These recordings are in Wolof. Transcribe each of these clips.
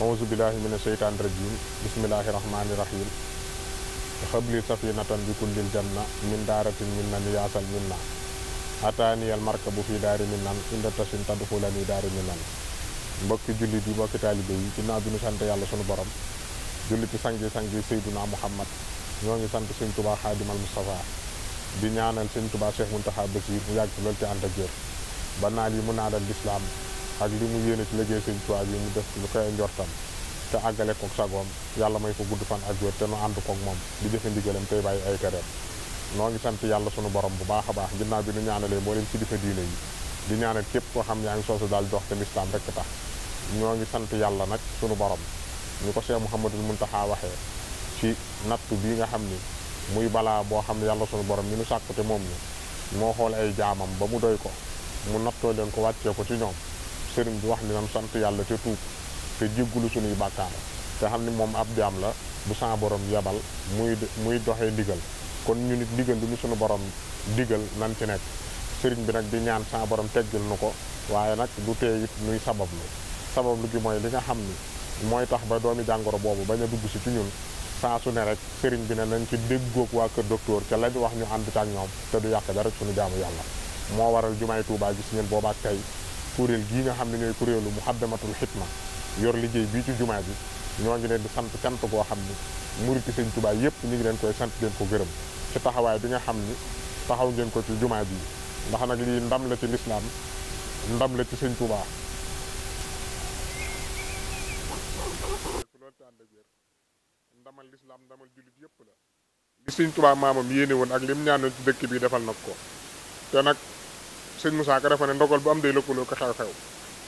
awuzu billahi a sheytaani rajim bismillahi rahmaani rahim xabli safinatan bi kullil janna min daaratin min na niyaasan min na ataaniyal marka bu fii daari min nan inda tasin tadxulani daari min nan mbokki jullit yi mbokki taalibe yi ginnaaw bi ñu sant yàlla sunu borom julli ci sangi sangi Seyduna Muhammad ñoo ngi sant sëñ Tuubaa Xaadimal Mustafa di ñaanal sëñ Tuubaa Cheikh Muntaxa Basiir mu yàgg loolu te ànd ak jër ba naal yi mu naalal lislaam ak li mu yéene ci liggéey Sëñ Tuubaa mu def lu koy njortam te àggale koog sagoom yàlla may ko gudd fan ak wér te nu ànd kook moom di jëfe ndigalam koy bàyyi ay tereem noo ngi sant yàlla sunu borom bu baax a baax ginnaaw bi nu ñaanalee mboolem kilifa diine yi di ñaanal képp koo xam yaa ngi soosu daal dox te lislaam rekk tax ñoo ngi sant yàlla nag sunu borom ñu ko see mu Cheikh mun Muntaxa waxee ci nattu bii nga xam ni muy balaa boo xam ne yàlla sunu borom ñu nu sàkkute moom moo xool ay jaamam ba mu doy ko mu nattoo leen ko wàccee ko ci ñoom sëriñ bi wax ni nan sant yàlla te tuub te jéggulu suñuy bàkkaar te xam ni moom ab jaam la bu sa boroom yebal muy muy doxee ndigal kon ñu nit ndigal bi ñu suñu borom digal nan ci nekk sëriñ bi nag di ñaan sa borom teggil nu ko waaye nag du tee it nuy sabablu sabablu gi mooy li nga xam ni mooy tax ba doomi jàngoro boobu bañ a dugg si ci ñun saa su ne rek sëriñ bi ne nañ ci déggoog waa kër docteur ca lañu wax ñu ànd ak ñoom te du yàq dara suñu jaamu yàlla moo waral jumaay Tuubaa gis ngeen boobaak tey kuréel gii nga xam ne ñooy kuréelu muxaddamatul xitma yor liggéey bii ci jumaa ji ñoo ngi leen di sant cant koo xam ni muriti sëñ Tuubaa yëpp ñu ngi leen koy sant leen ko gërëm ci taxawaay bi nga xam ni taxaw ngeen ko ci jumaa ji ndax nag lii ndam la ci lislaam ndam la ci sëñ Tuubaa ndamal lislaam ndamal jullit yëpp la li sëñ Tuubaa maamam yéene woon ak lim ñaanoon ci dëkk bi defal nag ko te nag sëñ Moussa Ka dafa ne ndogal bu am day lëkkaloo ko xew-xew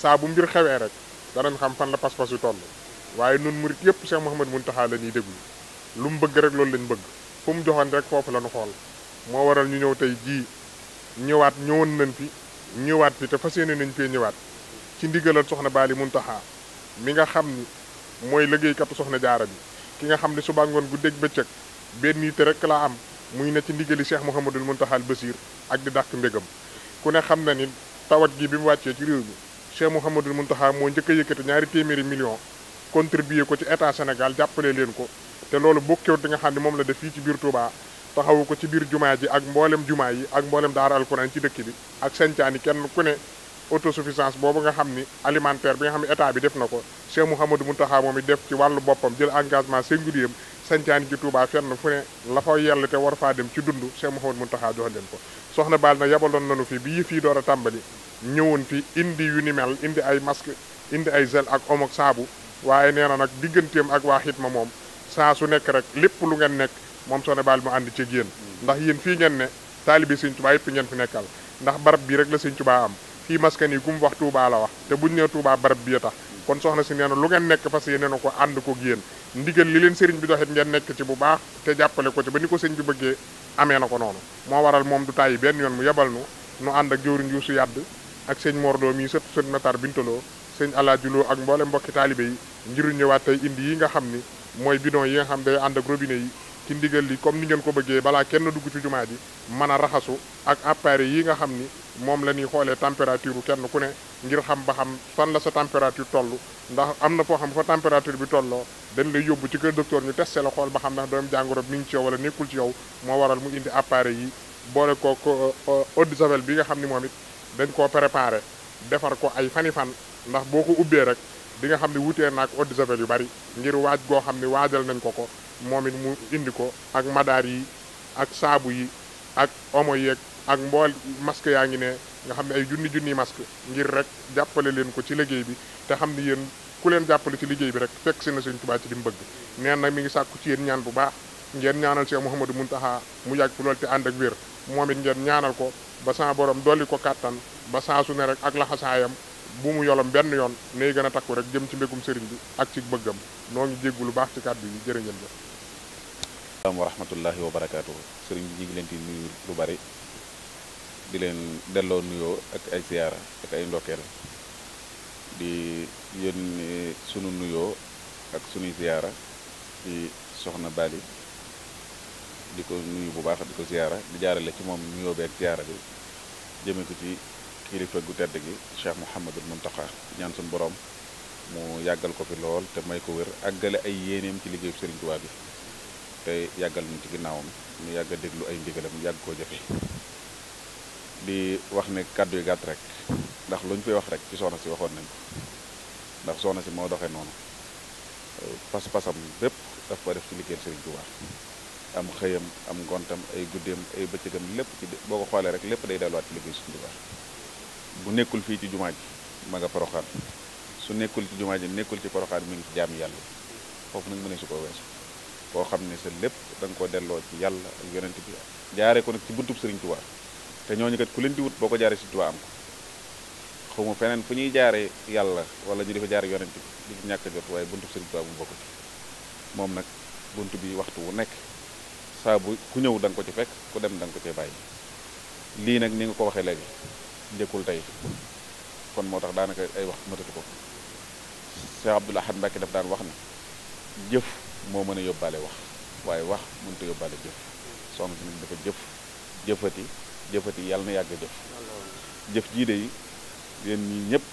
saa bu mbir xewee rek danañ xam fan la pas-pas yu toll waaye nun murit yëpp Cheikh Mouhamad Mountakha la ñuy déglu lu mu bëgg rek loolu lañ bëgg fu mu joxoon rek foofu la ñu xool moo waral ñu ñëw tey jii ñëwaat ñëwoon nañ fi ñëwaat fi te fas yéene nañ fee ñëwaat ci ndigalal soxna Baali Mountakha mi nga xam ni mooy liggéeykatu soxna jaara bi ki nga xam ne suba ngoon gu dégg bëccëg benn yitte rek laa am muy ne ci ndigali Cheikh Mouhamadul Mountakhal Basir ak di dàq mbégam ku ne xam na ni tawat gi bi mu wàccee ci réew mi Cheikh Mouhamadul Mountakha moo njëkk a yëkkati ñaari téeméeri million contribuer ko ci état Sénégal jàppale leen ko te loolu bokkewut di nga xam ne moom la def fii ci biir Touba taxawu ko ci biir jumaa ji ak mboolem jumaa yi ak mboolem daara alquran ci dëkk bi ak sancaan yi kenn ku ne auto autosuffisance boobu nga xam ni alimentaire bi nga xam ne état bi def na ko Cheikh Mouhamadou Mountakha moom it def ci wàllu boppam jël engagement singulier am sancaani ci Touba fenn fu ne la fa te war faa dem ci dund Cheikh Mouhamadou taxaa jox leen ko soxna Baal na yabaloon nañu fi bi yëf yi door a tàmbali ñëwoon fi indi yu ni mel indi ay masque indi ay gel ak omo saabu waaye nee nag digganteem ak waa ma moom saa su nekk rek lépp lu ngeen nekk moom soxna Baal mu ànd ci yéen ndax yéen fii ngeen ne taalibi Sëñ Touba yëpp ngeen fi nekkal ndax barab rek la Sëñ Touba am fii maskan yi gum wax Touba la wax te buñ nee Touba barab bi tax kon soxna si nee na lu ngeen nekk fas yéene na ko ànd ko yéen ndigal li leen sëriñ bi doxit ngeen nekk ci bu baax te jàppale ko ci ba ni ko sëñ bi bëggee amee na ko noonu moo waral moom du tàyyi benn yoon mu yebal nu nu ànd ak jëwriñ Yuusu Yàdd ak sëñ Mordoo mii sët sët Matar Bintaloo sëñ alaajuloo ak mboole mbokki taalibe yi ngir ñëwaat tey indi yi nga xam ni mooy bidon yi nga xam day ànd ak robinet yi ci ndigal li ni ngeen ko bëggee balaa kenn dugg ci jumaa ji mën a raxasu yi nga xam ni moom la ñuy xoolee température kenn ku ne ngir xam ba xam fan la sa température toll ndax am na foo xam fa température bi tolloo dañ lay yóbbu ci kër docteur ñu testé la xool ba xam ndax doom jàngoro mi ngi ci wala nekkul ci yow moo waral mu indi appareil yi boole ko eau de javel nga xam ni moom it dañ koo préparé defar ko ay fani fan ndax boo ko ubbee rek di nga xam ne wute naak eau de javel yu bari ngir waaj goo xam ni waajal nañ ko ko moom it mu indi ko ak madaar yi ak saabu yi ak omo yeeg ak mbool masque yaa ngi ne nga xam ne ay junni junni masque ngir rek jàppale leen ko ci liggéey bi te xam ni yéen ku leen jàppale ci liggéey bi rek fekk si na Sëriñ Tuubaa ci li mu bëgg neen nag mi ngi sàkku ci yéen ñaan bu baax ngeen ñaanal Cheikh Mouhamadou Mountakha mu yàgg lool te ànd ak wér moom it ngeen ñaanal ko ba saa borom dolli ko kàttan ba saasu ne rek ak laxasaayam bu mu yolom benn yoon nay gën a takku rek jëm ci mbégum sëriñ bi ak ci bëggam noo ngi jéggu lu baax ci kàddu yi jërë ngeen jëf. salaam wa rahmatullahi wa barakaatuhu sëriñ bi ñu ngi leen di nuyu lu bari di leen delloo nuyoo ak ay ziyaara ak ay ndokkeel di yónni sunu nuyoo ak sunuy ziyaara ci soxna Bali di ko nuyu bu baax di ko ziyaara di jaarale ci moom nuyoo bi ak ziyaara bi jëme ko ci kilifa gu tedd gi Cheikh Mouhamadul taxa ñaan suñu borom mu yàggal ko fi lool te may ko wér àggale ay yéeneem ci liggéeyu Sëriñ Tuubaa bi te yàggal ñu ci ginnaawam ñu yàgg a déglu ay ndigalam yàgg koo jëfe di wax ne kàddu yu gàtt rek ndax lu ñu koy wax rek ci soxna si waxoon nañ ko ndax soxna si moo doxee noonu pas-pasam bépp daf ko def ci liggéeyal Serigne Touba am xëyam am ngontam ay guddeem ay bëccëgam lépp ci boo ko xoolee rek lépp day delluwaat ci liggéey Serigne Touba bu nekkul fii ci jumaa ji ma nga poroxaan su nekkul ci jumaa ji nekkul ci poroxaan mi ngi ci jaam yàlla foofu nag mën ne su ko weesu koo xam ne sa lépp da nga ko delloo ci yàlla ak yonent bi jaaree ko nag ci buntub Serigne Touba te ñooñu kat ku leen di wut boo ko jaaree si Tuubaa am ko xaw ma feneen fu ñuy jaare yàlla wala ñu di fa jaare yonent bi ñàkk jot waaye buntu Sëriñ Tuubaa bu bokk ci moom nag bunt bi waxtu wu nekk saabu ku ñëw danga ko ci fekk ku dem da ko cee bàyyi lii nag ni nga ko waxee léegi njëkkul tey kon moo tax daanaka ay wax matatu ko Cheikh Abdoul Ahad Mbacké daf daan wax ne jëf moo mën a yóbbaale wax waaye wax mënut a yóbbaale jëf soxna si nag dafa jëf jëfati jëfati yàlla na yàgg jëf jëf jii de yéen ñii ñëpp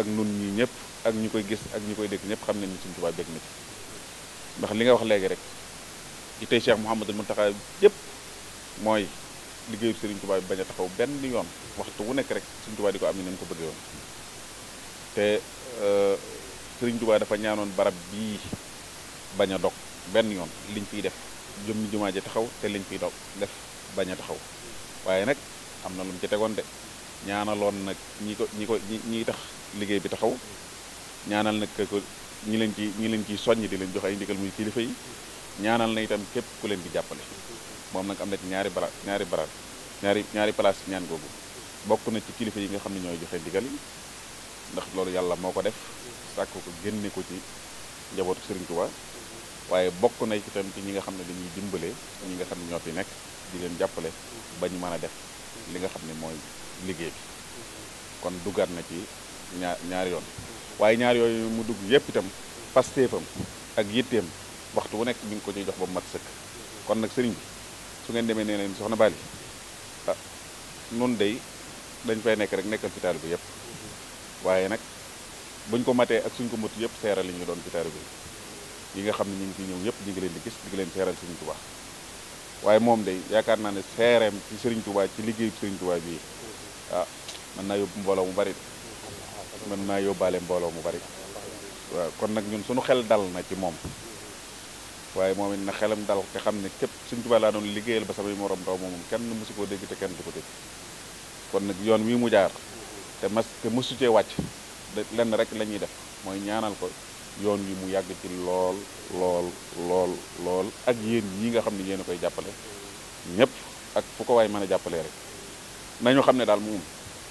ak nun ñii ñëpp ak ñi koy gis ak ñi koy dégg ñëpp xam nañ ni Sëriñ Tuubaa bég na ndax li nga wax léegi rek ci tey Cheikh Mouhamadul Mountakha yëpp mooy liggéeyu Sëriñ Tuubaa bañ a taxaw benn yoon waxtu wu nekk rek Sëriñ Tuubaa di ko am ni mu ko bëggee woon te euh, Sëriñ Tuubaa dafa ñaanoon barab bii bañ a dog benn yoon liñ fiy def jëmmi jumaa ji taxaw te liñ fiy dog def bañ a taxaw waaye nag am na lu mu ci tegoon de ñaanaloon nag ñi ko ñi ko ñi tax liggéey bi taxaw ñaanal nag ko ñi leen ci ñi leen ciy soññ di leen joxe ay ndigal muy kilifa yi ñaanal na itam képp ku leen di jàppale moom nag am na ñaari bara ñaari bara ñaari ñaari place ñaan googu bokk na ci kilifa yi nga xam ne ñooy joxe ndigal yi ndax loolu yàlla moo ko def sàkk ko génne ko ci njabootu Serigne Touba waaye bokk na ci itam ci ñi nga xam ne dañuy dimbale ñi nga xam ne ñoo fi nekk di leen jàppale ba ñu mën a def li nga xam ne mooy liggéey bi kon duggaat na ci ñaar ñaari yoon waaye ñaar yooyu mu dugg yépp itam pasteefam ak yitteem waxtu wu nekk mi ngi ko ciy jox ba mat sëkk kon nag sëriñ bi su ngeen demee nee leen soxna Bali ah nun day dañ fay nekk rek nekkal ci taalibe bi yépp waaye nag buñ ko matee ak suñ ko matu yépp seeral li ñu doon ci taalibe yi nga xam ne ñu ngi fi ñëw yépp ñu ngi leen di gis di ngi leen seeral suñu Tuubaa waaye moom day yaakaar naa ne seereem ci Serigne Touba ci liggéeyu Serigne Touba bii ah mën naa yóbbu mbooloo mu bari man naa yóbbaale mbooloo mu bari waaw kon nag ñun suñu xel dal na ci moom waaye moom it na xelam dal te xam ne képp Serigne Touba laa doon liggéeyal ba samay morom ndaw moom kenn mësu koo dégg te kenn du ko dégg kon nag yoon wii mu jaar te mas te mësu cee wàcc lenn rek lañuy def mooy ñaanal ko yoon wi mu yàgg ci lool lool lool lool ak yéen ñi nga xam ne yéen a koy jàppale ñëpp ak fu ko waay mën a jàppalee rek nañu xam ne daal moom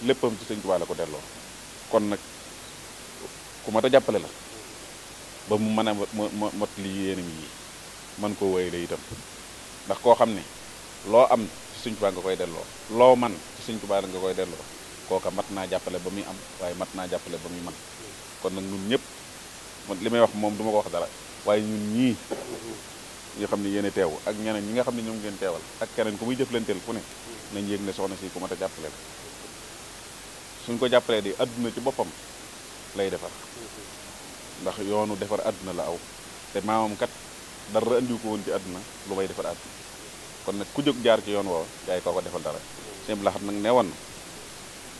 léppam ci sëñ Tuubaa ko delloo kon nag ku mat a jàppale la ba mu mën a mot li yéenam yi mën koo wéy la itam ndax koo xam ne loo am ci sëñ Tuubaa nga koy delloo loo man ci sëñ Tuubaa la nga koy delloo kooka mat naa jàppale ba muy am waaye mat naa jàppale ba muy man kon nag ñun ñëpp li may wax moom du ma ko wax dara waaye ñun ñii ñi nga xam ne yéen teew ak ñeneen ñi nga xam ne ñoom ngeen teewal ak keneen ku muy jëflanteel ku ne nañ yéeg ne soxna si ku mat a jàppale suñ ko jàppalee di àdduna ci boppam lay defar ndax yoonu defar àdduna la aw te maamam kat dara andiw ko woon ci àdduna lu may defar adduna kon nag ku jóg jaar ci yoon woowa yaay koo ko defal dara simple la xam nag ne woon na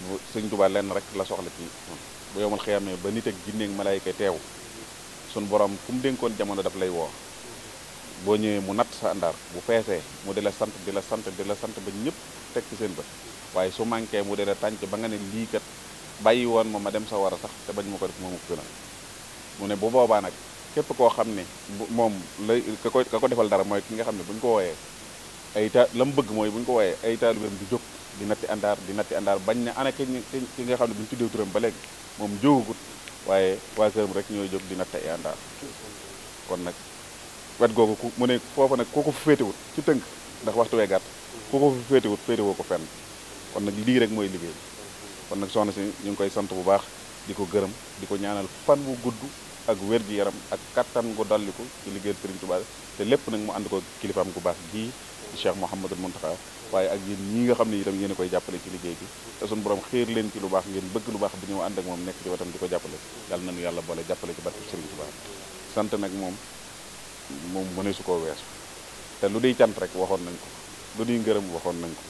bu sëñ Tuubaa lenn rek la soxla ci bu yomal xiyamee ba nit ak jinneeg malaayka teew sun boroom ku mu dénkoon jamono daf lay woo boo ñëwee mu natt sa àndaar bu feesee mu de la sant di la sant de la sant bañ ñëpp teg ci seen bët waaye su manqué mu di la tànc ba nga ne lii kat bàyyi woon ma ma dem sa war a sax te bañ ma ko def moomu gën a mu ne bu boobaa nag képp koo xam ne moom lay ka ko ka dara mooy ki nga xam ne bu ñu ko wooyee ay ta la mu bëgg mooy bu ñu ko wooyee ay taalibeem di jóg di natti àndaar di natti àndaar bañ ne ana ki nga xam ne bu tuddee turam ba léegi moom jógagut waaye waa këram rek ñoo jóg di natt ay kon nag wet googu ku mu ne foofa nag ku ko ci tënk ndax waxtu wee gàtt ku ko fu féetewut féetewoo ko fenn kon nag lii rek mooy liggéey kon nag soxna si ñu ngi koy sant bu baax di ko gërëm di ko ñaanal fan wu gudd ak wér gi yaram ak kattan gu dolliku ci liggéeyal Serigne te lépp nag mu ànd ko kilifaam gu baax gii Cheikh Mouhamadul Mountakha waaye ak yéen ñii nga xam ne itam yéen a koy jàppale ci liggéey bi te suñu borom xiir leen ci lu baax ngeen bëgg lu baax di ñëw ànd ak moom nekk ci watam di ko jàppale yàlla nañu yàlla boole jàppale ci barke Sëriñ Tuubaa sant nag moom moom mëne su koo weesu te lu day cant rek waxoon nañ ko lu day ngërëm waxoon nañ ko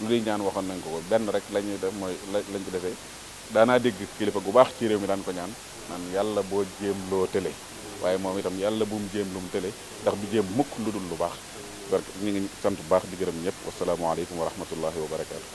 lu day ñaan waxoon nañ ko benn rek la ñuy def mooy lañ ko defee daanaa dégg kilifa gu baax ci réew mi daan ko ñaan naan yàlla boo jéem loo tële waaye moom itam yàlla bu mu jéem lu mu ndax du jéem mukk lu dul lu baax barke ñu sant bu baax di gërëm ñëpp wasalaamaaleykum wa rahmatullahi wa barakaatu.